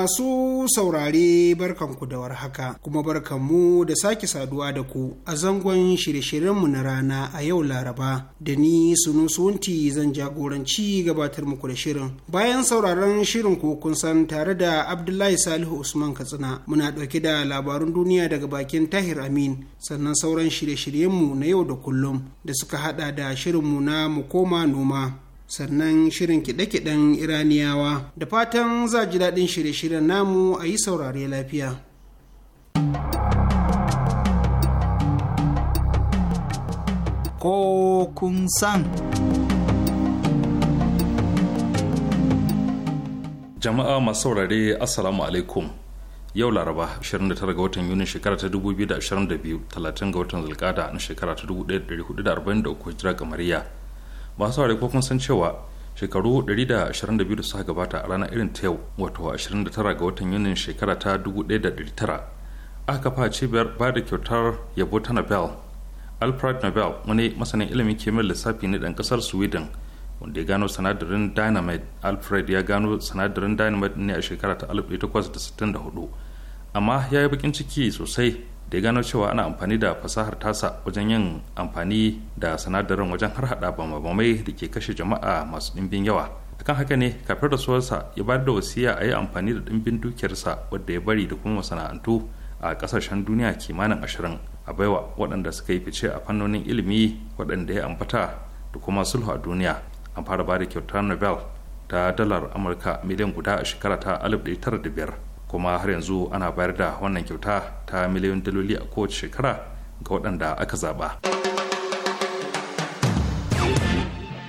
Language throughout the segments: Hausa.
Masu saurare barkanku da haka kuma barkanmu da sake saduwa da ku a zangon shirye-shiryenmu na rana a yau Laraba da ni sunu sunti zan jagoranci gabatar muku da shirin. Bayan sauraron shirin ko kun san tare da Abdullahi Salihu Usman Katsina muna ɗauke da labarun duniya daga bakin Tahir Amin sannan sauran shirye-shiryenmu na yau da kullum da suka haɗa da shirinmu na mu koma noma. sannan shirin kiɗe-kiɗen iraniyawa da fatan za ji daɗin shirye-shiryen namu a yi saurare lafiya ko kun san jama'a masu saurare assalamu alaikum yau laraba 29 ga watan yuni shekara ta 2022 30 ga watan zulkada na shekara ta 1443 hijira ga mariya masu ko kun san cewa shekaru 122 da suka gabata a ranar irin ta yau wato 29 ga watan yunin shekara ta 1900 aka kafa cibiyar ba da kyautar yabo ta nobel alfred nobel wani masanin ilimin kimiyyar lissafi ne dan kasar sweden wanda ya gano sanadarin dynamite alfred ya gano sanadarin dynamite ne a shekara ta 1864 amma ya yi bakin ciki sosai da ya gano cewa ana amfani da fasahar tasa wajen yin amfani da sinadarin wajen har hada bambam-bambamai da ke kashe jama'a masu ɗimbin yawa akan haka ne kafin da rasuwarsa ya bayar da wasiya a yi amfani da ɗimbin dukiyarsa wadda ya bari da kuma masana'antu a kasashen duniya kimanin ashirin a baiwa waɗanda suka yi fice a fannonin ilimi waɗanda ya ambata da kuma sulhu a duniya an fara ba da kyautar nobel ta dalar amurka miliyan guda a shekara ta alif da tara biyar. kuma har yanzu ana bayar da wannan kyauta ta miliyan daloli a kowace shekara ga waɗanda aka zaba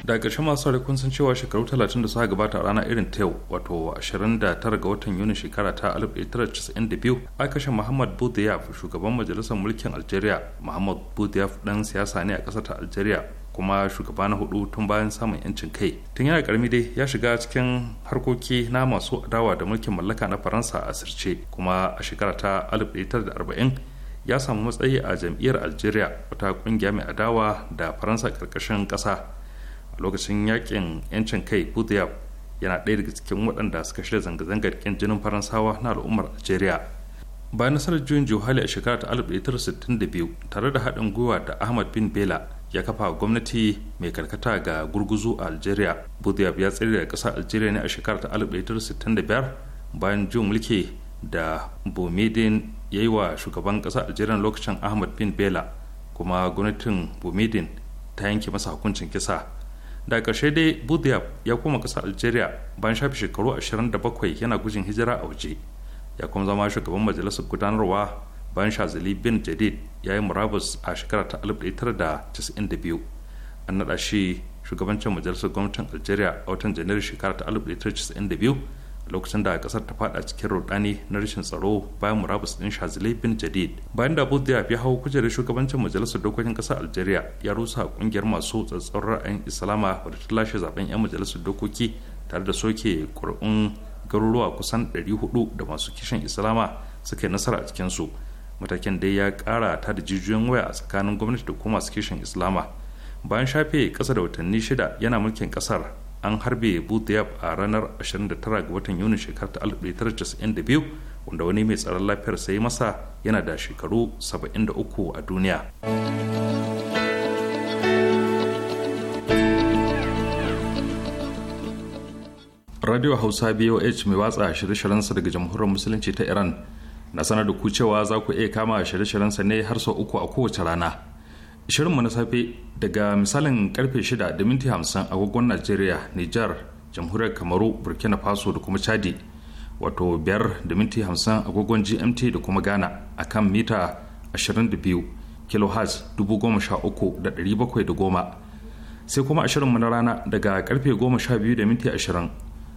da ƙarshen masu kun san cewa shekaru 30 da suka gabata a ranar irin ta yau wato 29 ga watan yuni shekara ta 1992 a kashe muhammad budiyaf shugaban majalisar mulkin algeria muhammad budiyaf ɗan siyasa ne a ƙasar ta algeria kuma shugaba na hudu tun bayan samun yancin kai tun yana karami dai ya shiga cikin harkoki na masu adawa da mulkin mallaka na faransa a sirce kuma a shekara ta 1940 ya samu matsayi a jam'iyyar algeria wata kungiya mai adawa da faransa karkashin kasa a lokacin yakin yancin kai budiya yana ɗaya daga cikin waɗanda suka shirya zanga-zangar ƙin jinin faransawa na al'ummar algeria bayan nasarar juyin juhali a shekara ta 1962 tare da haɗin gwiwa da ahmad bin bela ya kafa gwamnati mai karkata ga gurguzu a algeria budiyab ya tsere da ƙasar algeria ne a shekarar ta 1965 bayan jin mulki da bomedin ya yi wa shugaban ƙasar algeria lokacin ahmad bin bela kuma gwamnatin bomedin ta yanke masa hukuncin kisa da ƙarshe dai budiyab ya koma ƙasar algeria bayan shafi shekaru 27 yana gujin hijira a waje ya kuma zama shugaban majalisar gudanarwa bayan shazali bin jadid ya yi murabus a shekara ta 1992 an naɗa shi shugabancin majalisar gwamnatin algeria a watan janairu shekara ta 1992 lokacin da kasar ta fada cikin rudani na rashin tsaro bayan murabus din shazali bin jadid bayan da abu ya hau kujerar shugabancin majalisar dokokin kasar algeria ya rusa kungiyar masu tsatsar ra'ayin islama wadda ta lashe zaben yan majalisar dokoki tare da soke ƙuri'un garuruwa kusan 400 da masu kishin islama suka yi nasara a cikinsu matakin dai ya kara ta da jijiyoyin waya a tsakanin gwamnati da kuma masu kishin islama bayan shafe kasa da watanni shida yana mulkin kasar an harbe budiyab a ranar 29 ga watan yuni shekarar 1992 wanda wani mai tsaron lafiyar sai masa yana da shekaru 73 a duniya radio hausa boh mai watsa shirye-shiryensa daga jamhuriyar musulunci ta iran na sanar da ku cewa za ku iya kama shirye sa ne har sau uku a kowace rana shirinmu na safe daga misalin karfe 6 da minti 50 agogon najeriya nijar jamhuriyar kamaru burkina faso da kuma chadi wato 5 da minti 50 agogon gmt da kuma ghana a kan mita 22 kilohertz 13710 sai kuma a shirinmu na rana daga karfe 12 da minti 20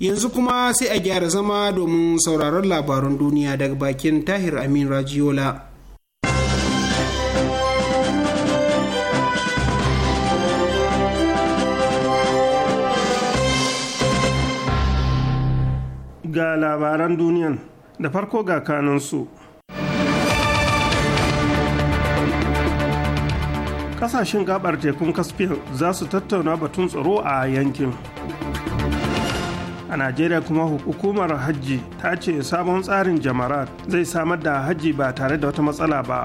yanzu kuma sai a gyara zama domin sauraron labarun duniya daga bakin tahir amin rajiola ga labaran duniyan da farko ga kanansu kasashen gabar tekun caspian za su tattauna batun tsaro a yankin a najeriya kuma hukumar hajji ta ce sabon tsarin jamarat zai samar da hajji ba tare da wata matsala ba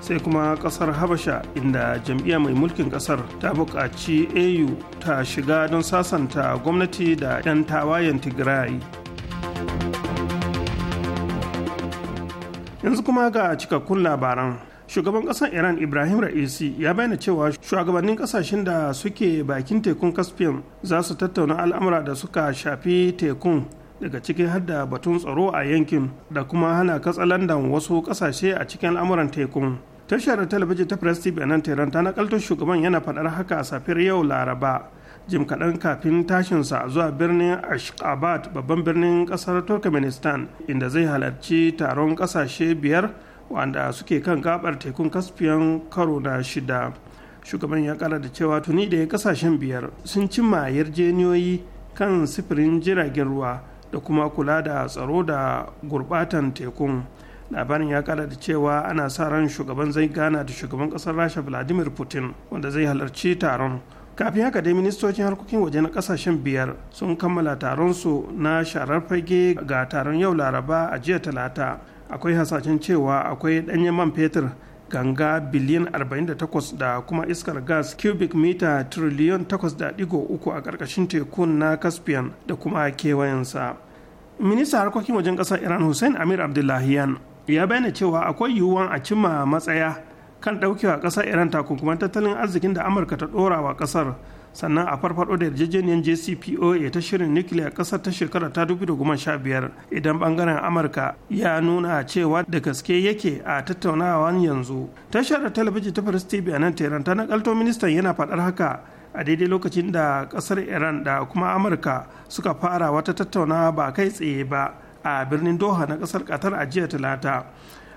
sai kuma kasar habasha inda jam'iyya mai mulkin kasar ta buƙaci au ta shiga don sasanta gwamnati da 'yan tawayen tigray yanzu kuma ga cikakkun labaran shugaban ƙasar iran ibrahim ra'isi ya bayyana cewa shugabannin ƙasashen da suke bakin tekun caspian za su tattauna al'amura da suka shafi tekun daga cikin hadda batun tsaro a yankin da kuma hana katsalandan wasu ƙasashe a cikin al'amuran tekun tashar talabijin ta press tv nan tehran ta nakaltar shugaban yana faɗar haka a safiyar yau laraba jim kaɗan kafin tashinsa zuwa birnin ashgabat babban birnin ƙasar turkmenistan inda zai halarci taron ƙasashe biyar wanda suke kan gabar tekun caspian karo na shida shugaban ya kara da cewa tuni da kasashen biyar sun cimma yarjeniyoyi kan sifirin jiragen ruwa da kuma kula da tsaro da gurbatan tekun labarin ya kara da cewa ana sa ran shugaban zai gana da shugaban kasar rasha vladimir putin wanda zai halarci taron kafin haka dai ministocin harkokin waje na kasashen biyar sun kammala taron su na sharar fage ga taron yau laraba a jiya talata akwai hasashen cewa akwai ɗanyen man fetur ganga biliyan 48 da kuma iskar gas cubic mita triliyon 8.3 a ƙarƙashin tekun na caspian da kuma kewayensa minista harkokin wajen ƙasar iran hussein amir abdullahiyan ya bayyana cewa akwai yiwuwan a cimma matsaya kan ɗaukewa ƙasar iran takunkuman tattalin arzikin da amurka ta ɗora wa ƙasar sannan a farfado da yarjejeniyar jcpoa ta shirin nukiliya kasar ta shekara ta biyar idan bangaren amurka ya nuna cewa da gaske yake a tattaunawa yanzu tashar talabijin ta first tv a nan tehran ta nakalto ministan yana faɗar haka a daidai lokacin da kasar iran da kuma amurka suka fara wata tattaunawa ba kai tsaye ba a birnin doha na kasar qatar a jiya talata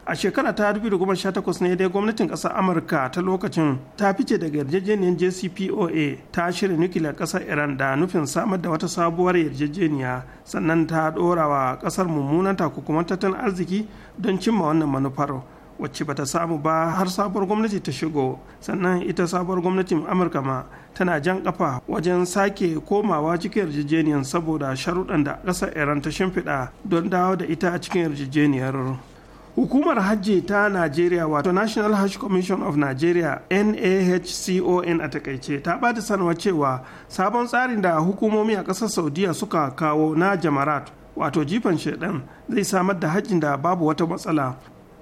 a shekara ta 2018 ne dai gwamnatin ƙasar amurka ta lokacin ta fice daga yarjejeniyar jcpoa ta shirya nukiliyar ƙasar iran da nufin samar da wata sabuwar yarjejeniya sannan ta dorawa wa ƙasar mummunan takunkuman tattalin arziki don cimma wannan manufar wacce bata samu ba har sabuwar gwamnati ta shigo sannan ita sabuwar gwamnatin amurka ma tana jan kafa wajen sake komawa cikin yarjejeniyar saboda sharuɗan da ƙasar iran ta shimfiɗa don dawo da ita a cikin yarjejeniyar hukumar hajji ta najeriya wato national hajj commission of nigeria nahcon a takaice ta ba da sanarwa cewa sabon tsarin da hukumomi a ƙasar saudiya suka kawo na jamarat wato jifan shaidan zai samar da hajjin da babu wata matsala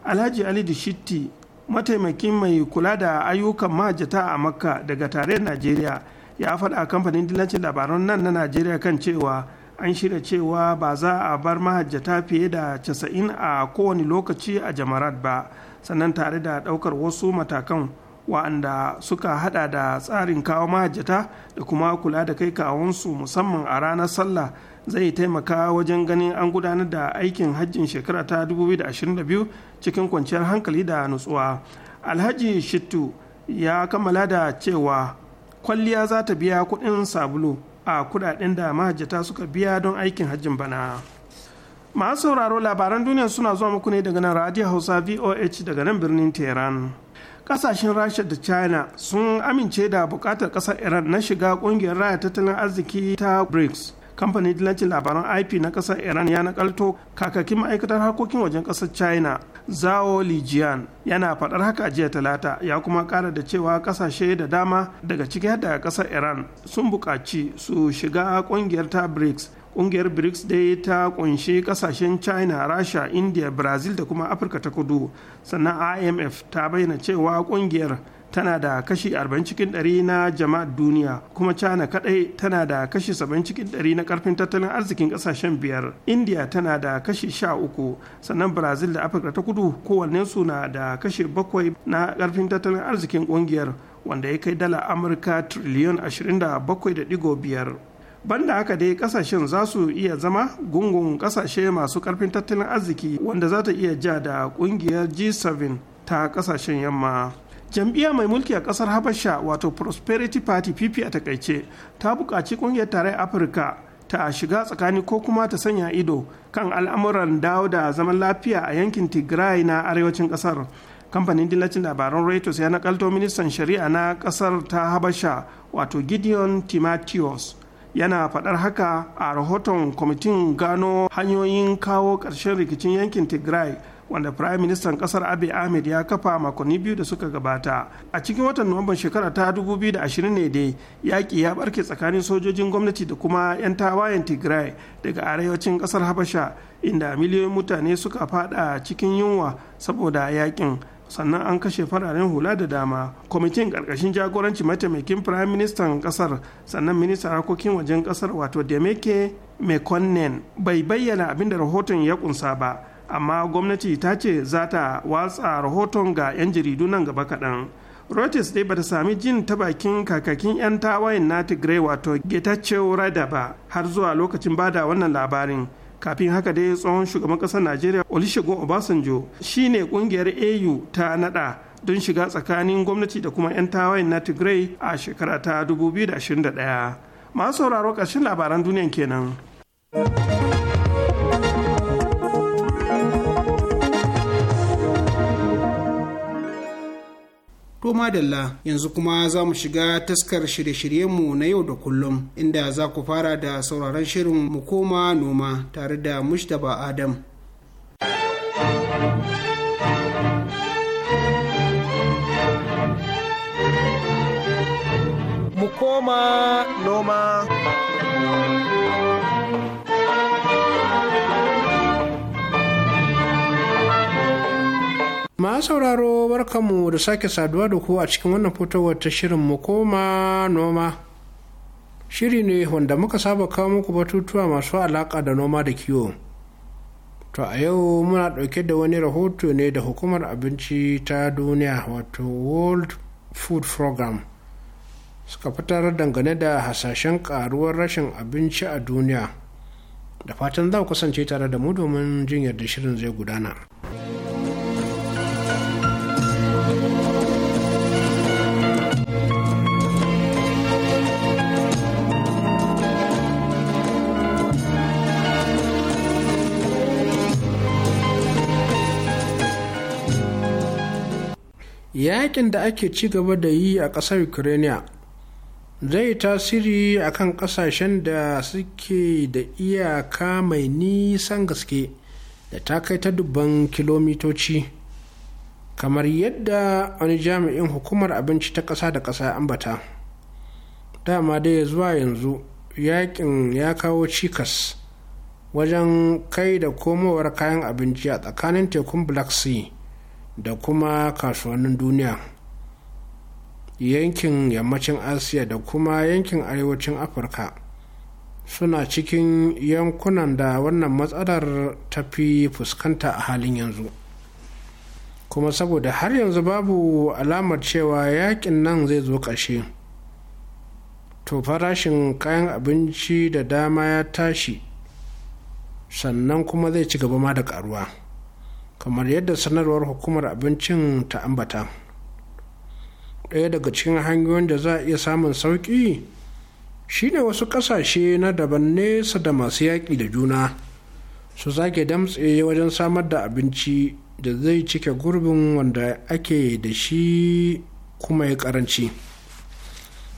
alhaji ali Shitti, mataimakin mai kula da ayyukan mahajjata a makka daga tarayyar najeriya ya faɗa kamfanin dillancin labaran nan na najeriya kan cewa an shirya cewa ba za a bar mahajjata fiye da 90 a kowane lokaci a jamarat ba sannan tare da ɗaukar wasu matakan wa'anda suka hada da tsarin kawo mahajjata da kuma kula da kai kawunsu musamman a ranar sallah zai taimaka wajen ganin an gudanar da aikin hajjin shekara ta 2022 cikin kwanciyar hankali da nutsuwa alhaji shittu ya kammala da cewa kwalliya za ta biya kuɗin sabulu a kudaden da mahajjata suka biya don aikin hajjin bana masu sauraro labaran duniya suna zuwa muku ne daga nan radio hausa voh daga nan birnin tehran kasashen rasha da china sun amince da bukatar kasar iran na shiga kungiyar raya tattalin arziki ta brics kamfanin dillancin labaran ip na kasar iran ya nakalto kakakin ma'aikatar harkokin wajen kasar china zao lijian yana faɗar haka jiya talata ya kuma ƙara da cewa ƙasashe da dama daga ciki da ƙasar iran sun buƙaci su shiga ƙungiyar ta brics kungiyar brics dai ta kunshi ƙasashen china rasha india brazil da kuma afirka ta kudu sannan imf ta bayyana cewa ƙungiyar. tana da kashi 40 cikin 100 na jama'ar duniya kuma china kadai tana da kashi 70 cikin 100 na karfin tattalin arzikin kasashen biyar india tana da kashi 13 sannan brazil da afirka ta kudu kowannensu na da kashi 7 na karfin tattalin arzikin kungiyar wanda ya kai dala amurka triliyon 27.5 banda haka dai kasashen za su iya zama gungun kasashe masu karfin tattalin arziki wanda za ta iya ja da kungiyar g7 ta kasashen yamma jam'iyya mai mulki a kasar habasha wato prosperity party pp a takaice ta buƙaci ƙungiyar tarayyar afirka ta shiga tsakani ko kuma ta sanya ido kan al'amuran dawo da zaman lafiya a yankin tigray na arewacin kasar kamfanin dillacin labaran reuters ya nakalto ministan shari'a na kasar ta habasha wato gideon timatios yana faɗar haka a rahoton kwamitin gano hanyoyin kawo ƙarshen rikicin yankin tigray wanda Prime Minister kasar abiy ahmed ya kafa makonni biyu da suka gabata a cikin watan nuwamban shekara ta 2020 ne dai yaƙi ya barke tsakanin sojojin gwamnati da kuma 'yan tawayen tigray daga arewacin kasar habasha inda miliyoyin mutane suka fada cikin yunwa saboda yaƙin sannan an kashe fararen hula da dama kwamitin ƙarƙashin jagoranci mataimakin prime minister kasar sannan ministan harkokin wajen kasar wato demeke mekonnen bai bayyana abin da rahoton ya kunsa ba amma gwamnati ta ce za ta watsa rahoton ga 'yan jaridu nan gaba kaɗan Reuters dai bata sami jin ta bakin kakakin 'yan tawayen na Tigray wato Getachew Rada ba har zuwa lokacin bada wannan labarin. Kafin haka dai tsohon shugaban ƙasar Najeriya Olusegun Obasanjo shine kungiyar AU ta nada don shiga tsakanin gwamnati da kuma 'yan tawayen na Tigray a shekara ta 2021. Masu sauraro ƙarshen labaran duniyan kenan. To madalla yanzu kuma za mu shiga taskar shirye-shiryenmu na yau da kullum inda za ku fara da sauraron shirin mu koma noma tare da Mushtaba Adam. Mu koma noma. Ma sauraro barkanmu da sake saduwa da ku a cikin wannan fitowar ta shirin mu koma noma. Shiri ne wanda muka saba kawo muku batutuwa masu alaƙa da noma da kiwo. To a yau muna ɗauke da wani rahoto ne da hukumar abinci ta duniya wato World Food Program suka fitar dangane da hasashen ƙaruwar rashin abinci a duniya. Da fatan za ku kasance tare da mu domin jin yadda shirin zai gudana. yakin da ake ci gaba da yi a ƙasar ukraine zai tasiri a kan ƙasashen da suke da iyaka mai nisan gaske da ta kai ta dubban kilomitoci kamar yadda wani jami'in hukumar abinci ta ƙasa da ƙasa ambata dama dai zuwa yanzu yakin ya kawo cikas wajen kai da komowar kayan abinci a tsakanin tekun black sea da kuma kasuwannin duniya yankin yammacin asiya da kuma yankin arewacin afirka suna cikin yankunan da wannan matsalar ta fi fuskanta a halin yanzu kuma saboda har yanzu babu alamar cewa yakin nan zai zo ƙarshe to farashin kayan abinci da dama ya tashi sannan kuma zai ci gaba ma da ƙaruwa. kamar yadda sanarwar hukumar abincin ta ambata ɗaya daga cikin hanyoyin da za a iya samun sauƙi shine wasu ƙasashe na daban nesa da masu yaƙi da juna su zage damtse wajen samar da abinci da zai cike gurbin wanda ake da shi kuma ya karanci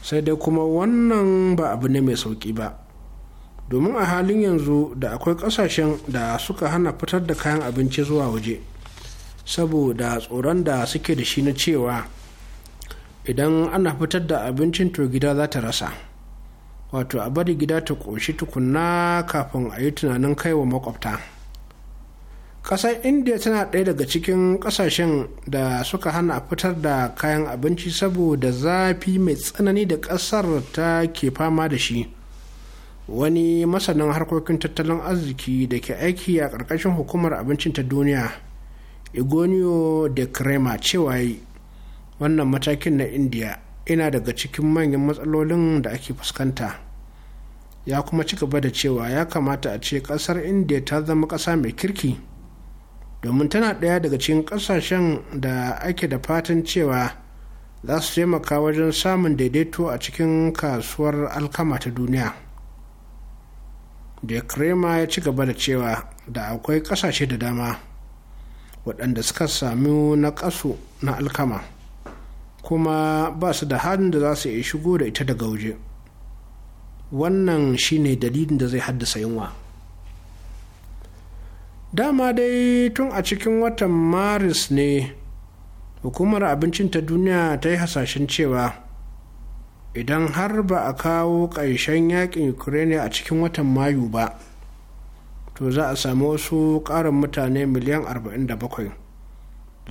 sai dai kuma wannan ba abu ne mai sauƙi ba domin a halin yanzu da akwai kasashen da suka hana fitar da kayan abinci zuwa waje saboda tsoron da suke da shi na cewa idan ana fitar da abincin to gida za ta rasa wato a bari gida ta ƙoshi tukunna kafin a yi tunanin kaiwa makwabta ƙasar india tana ɗaya daga cikin ƙasashen da suka hana fitar da kayan abinci saboda zafi mai tsanani da ƙasar ta ke fama da shi wani masanin harkokin tattalin arziki da ke aiki a ƙarƙashin hukumar abincin ta duniya igonio de crema cewa wannan matakin na india ina daga cikin manyan matsalolin da ake fuskanta ya kuma ci gaba da cewa ya kamata a ce ƙasar india ta zama ƙasa mai kirki domin tana ɗaya daga cikin ƙasashen da ake da fatan cewa za su taimaka wajen samun daidaito a cikin kasuwar alkama ta duniya. da krema ya ci gaba da cewa da akwai kasashe da dama waɗanda suka sami na ƙasu na alkama kuma ba su da halin da za su iya shigo da ita daga waje wannan shine dalilin da zai haddasa yunwa dama dai tun a cikin watan maris ne hukumar abincin ta duniya ta yi hasashen cewa idan har ba a kawo ƙarshen yakin ukraine a cikin watan mayu ba to za a samu wasu ƙarin mutane miliyan 47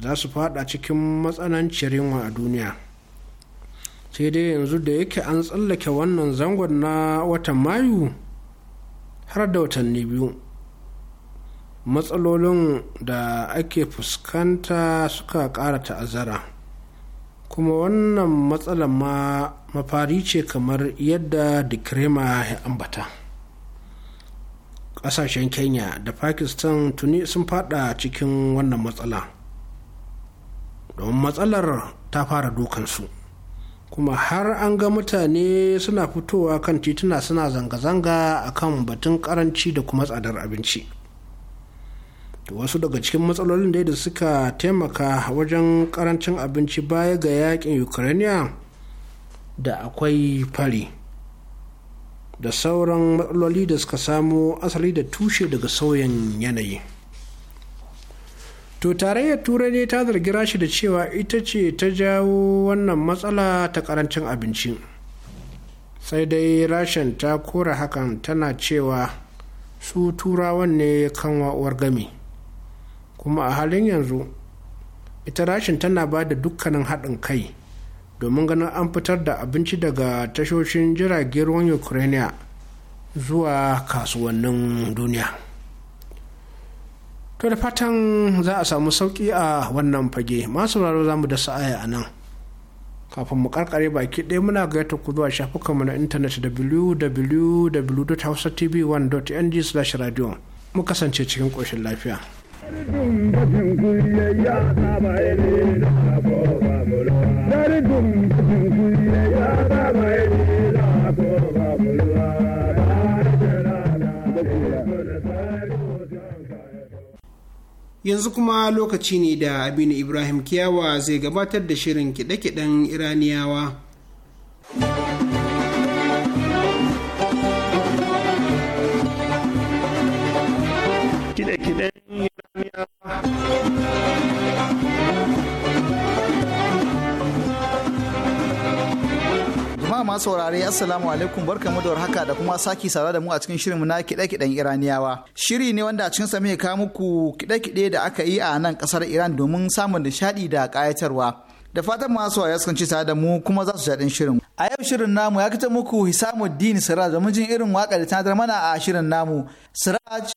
za su fada cikin matsananciyar yunwa a duniya sai dai yanzu da yake an tsallake wannan zangon na watan mayu har da watanni biyu matsalolin da ake fuskanta suka ƙara ta'azzara. kuma wannan matsalar ma mafari ce kamar yadda dikrema ya ambata ƙasashen kenya da pakistan tuni sun fada cikin wannan matsala domin matsalar ta fara dokansu. kuma har an ga mutane suna fitowa kan tituna suna zanga-zanga akan batun karanci da kuma tsadar abinci wasu daga cikin matsalolin da suka taimaka wajen karancin abinci baya ga yakin ukraine da akwai fari da sauran matsaloli da suka samo asali da tushe daga sauyin yanayi to tarayyar turai ne ta zargi rashi da cewa ita ce ta jawo wannan matsala ta karancin abinci sai dai rashin ta kora hakan tana cewa su turawan ne kan wa'uwar gami. kuma a halin yanzu ita rashin tana ba da dukkanin haɗin kai domin ganin an fitar da abinci daga tashoshin jiragen ruwan ukraine zuwa kasuwannin duniya to da fatan za a samu sauƙi a wannan fage masu raro za mu da sa'aya a nan kafin mu karkare baki ɗaya muna gayyata ku zuwa shafukanmu na intanet www.hausatv1.ng/radio mu kasance cikin ƙoshin lafiya. yanzu kuma lokaci ne da abinu ibrahim kiyawa zai gabatar da shirin kiɗe-kiɗen iraniyawa. masu saurare assalamu alaikum mu da warhaka da kuma saki saza da mu a cikin shirinmu na kiɗe-kiɗen iraniyawa shiri ne wanda a cikin sa muke kawo muku kiɗe-kiɗe da aka yi a nan kasar iran domin samun nishaɗi da kayatarwa da fatan masu saurare sun ci tare da mu kuma za su jaɗin shirin a yau shirin namu ya kita muku hisamuddin siraj domin jin irin waka da tanadar mana a shirin namu siraj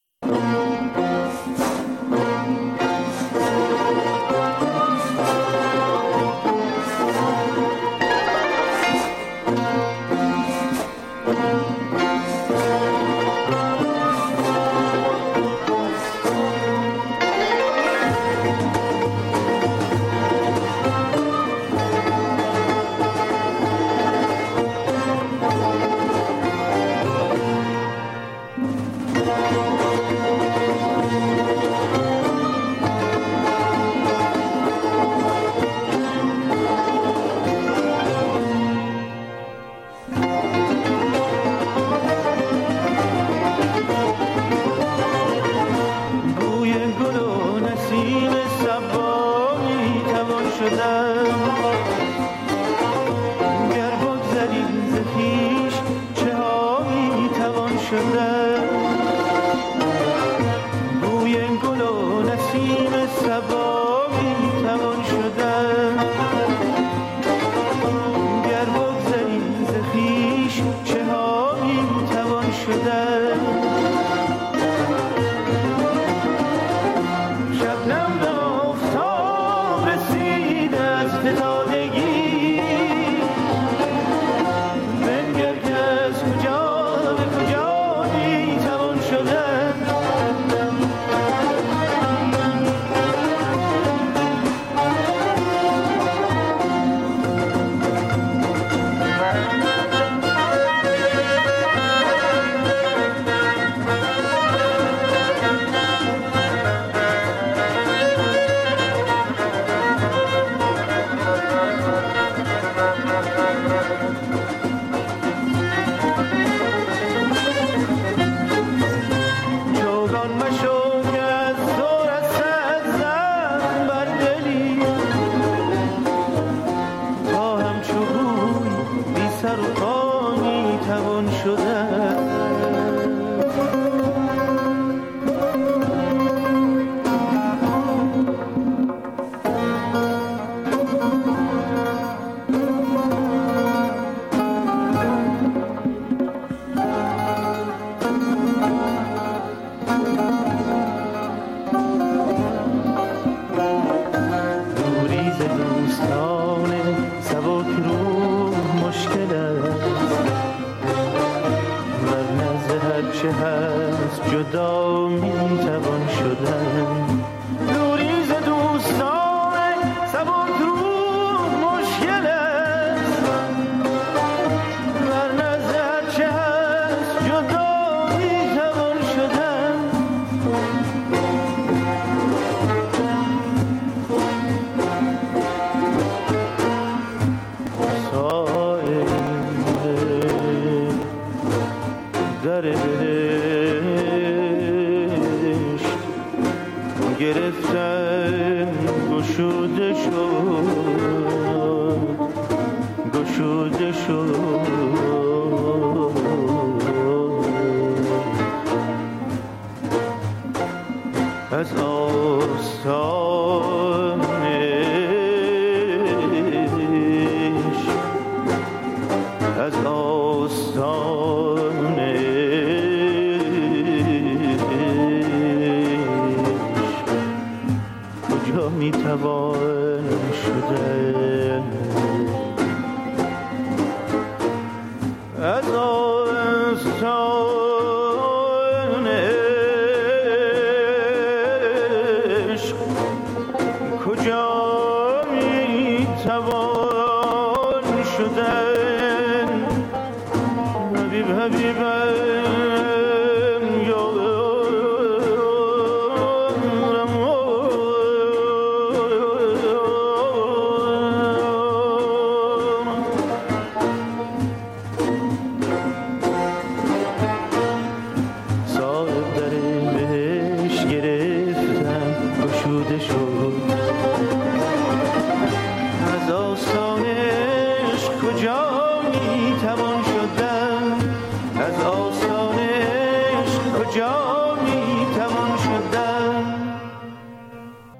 توان شده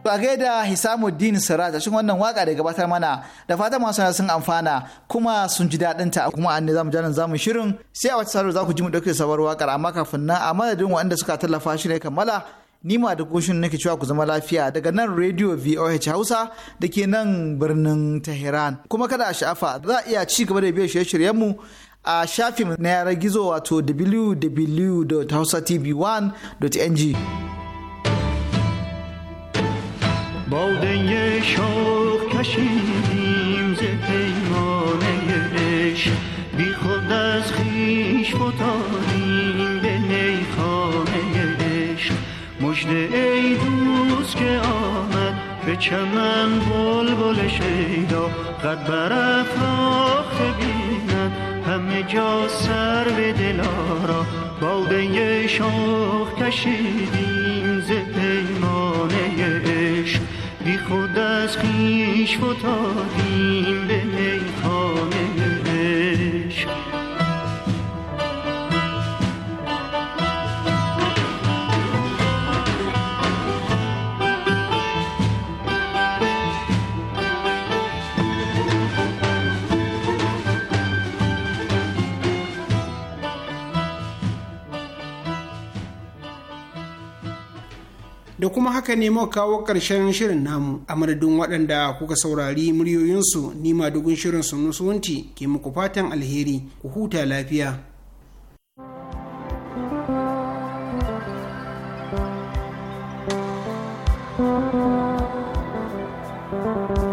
To a gaida Hisamuddin Sirat a cikin wannan waka da gabatar mana da fata masu sun amfana kuma sun ji daɗin ta kuma an ne zamu jaran zamu shirin sai a wata sarwa za ku ji mu dauke sabar wakar amma kafin nan a madadin waɗanda suka tallafa shi ne kammala ni ma da goshin nake cewa ku zama lafiya daga nan Radio VOH Hausa da ke nan birnin Tehran kuma kada a sha'afa za a iya ci gaba da biyan shirye-shiryen mu a shafin na yanar gizo wato www.hausatv1.ng باده شوق کشیدیم ز پیمانه عشق بی خود از خیش فتادیم به میخانه عشق مجد ای دوست که آمد به چمن بلبل شیدا قد برافراخته بینم همه جا سر به دلارا باده شوق کشیدیم بی خود از خیش فتادیم da kuma haka ne muka kawo ƙarshen shirin namu a madadin waɗanda kuka saurari muryoyinsu ni dugun shirin sunusunti ke muku fatan alheri ku huta lafiya thank you